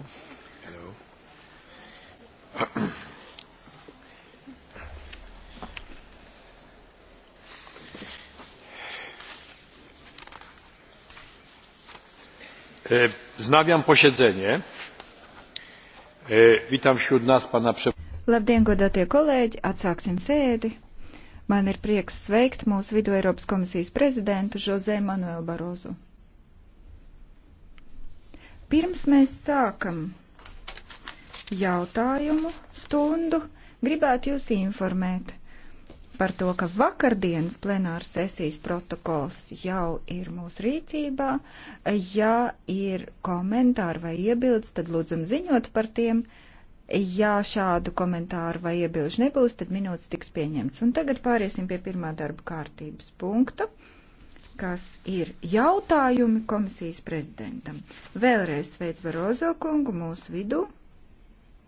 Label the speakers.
Speaker 1: Hello. Hello.
Speaker 2: E, wznawiam posiedzenie. E, witam wśród nas pana przewodniczącego.
Speaker 1: Labdien, godātie kolēģi, atsāksim sēdi. Man ir prieks sveikt mūsu vidu Eiropas komisijas prezidentu Žozē Manuelu Barozu. Pirms mēs sākam jautājumu stundu, gribētu jūs informēt par to, ka vakardienas plenāra sesijas protokols jau ir mūsu rīcībā. Ja ir komentāri vai iebildes, tad lūdzam ziņot par tiem. Ja šādu komentāru vai iebilžu nebūs, tad minūtes tiks pieņemts. Un tagad pāriesim pie pirmā darba kārtības punkta kas ir jautājumi komisijas prezidentam. Vēlreiz sveic Barozo kungu mūsu vidū.